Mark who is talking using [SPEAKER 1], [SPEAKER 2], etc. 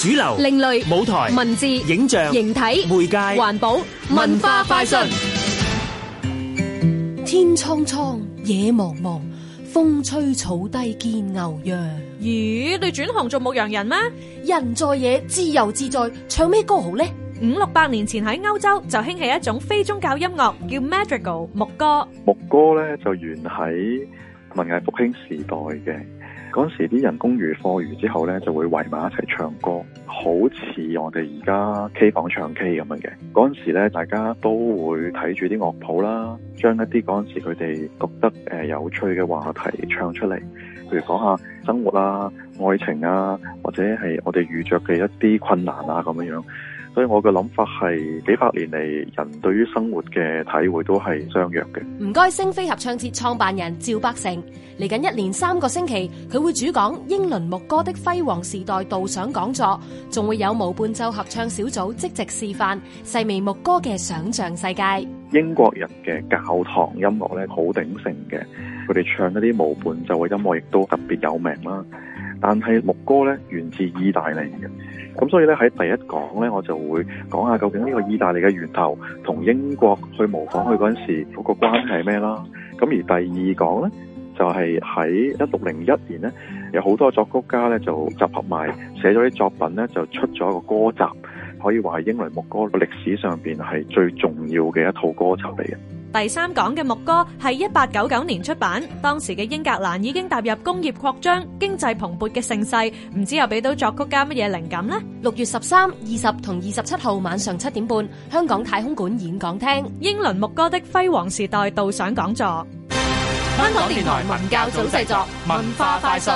[SPEAKER 1] 主流、另類、舞台、文字、影像、形體、
[SPEAKER 2] 媒介、環保、
[SPEAKER 1] 文化快訊。天蒼蒼，野茫茫，
[SPEAKER 2] 風吹
[SPEAKER 1] 草低見牛羊。
[SPEAKER 2] 咦？你轉行做牧羊人咩？人在野，自由自在，唱咩歌好呢？五六百年前喺歐洲就興起一種非宗教音樂，叫 madrigal 牧歌。
[SPEAKER 3] 牧歌呢就源自。文藝復興時代嘅嗰陣時啲人工餘課餘之後咧，就會圍埋一齊唱歌，好似我哋而家 K 房唱 K 咁樣嘅。嗰陣時咧，大家都會睇住啲樂譜啦，將一啲嗰陣時佢哋覺得誒有趣嘅話題唱出嚟，譬如講下生活啦、啊、愛情啊，或者係我哋遇着嘅一啲困難啊咁樣樣。所以我嘅諗法係幾百年嚟，人對於生活嘅體會都係相若嘅。
[SPEAKER 1] 唔該，星飛合唱節創辦人趙百成嚟緊一連三個星期，佢會主講英倫牧歌的輝煌時代導賞講座，仲會有無伴奏合唱小組即席示範，細味牧歌嘅想象世界。
[SPEAKER 3] 英國人嘅教堂音樂咧，好鼎盛嘅，佢哋唱一啲無伴奏嘅音樂，亦都特別有名啦。但係牧歌呢源自意大利嘅，咁所以呢，喺第一講呢，我就會講下究竟呢個意大利嘅源頭同英國去模仿佢嗰陣時嗰個關係係咩啦。咁而第二講呢，就係喺一六零一年呢，有好多作曲家呢就集合埋寫咗啲作品呢，就出咗一個歌集，可以話係英倫牧歌歷史上邊係最重要嘅一套歌集嚟嘅。
[SPEAKER 2] 第三講嘅牧歌係一八九九年出版，當時嘅英格蘭已經踏入工業擴張、經濟蓬勃嘅盛世，唔知又俾到作曲家乜嘢靈感呢？六月十三、二十同二十七號晚上七點半，香港太空館演講廳《英倫牧歌的輝煌時代》導賞講座。
[SPEAKER 1] 香港電台文教組製作，文化
[SPEAKER 3] 快訊。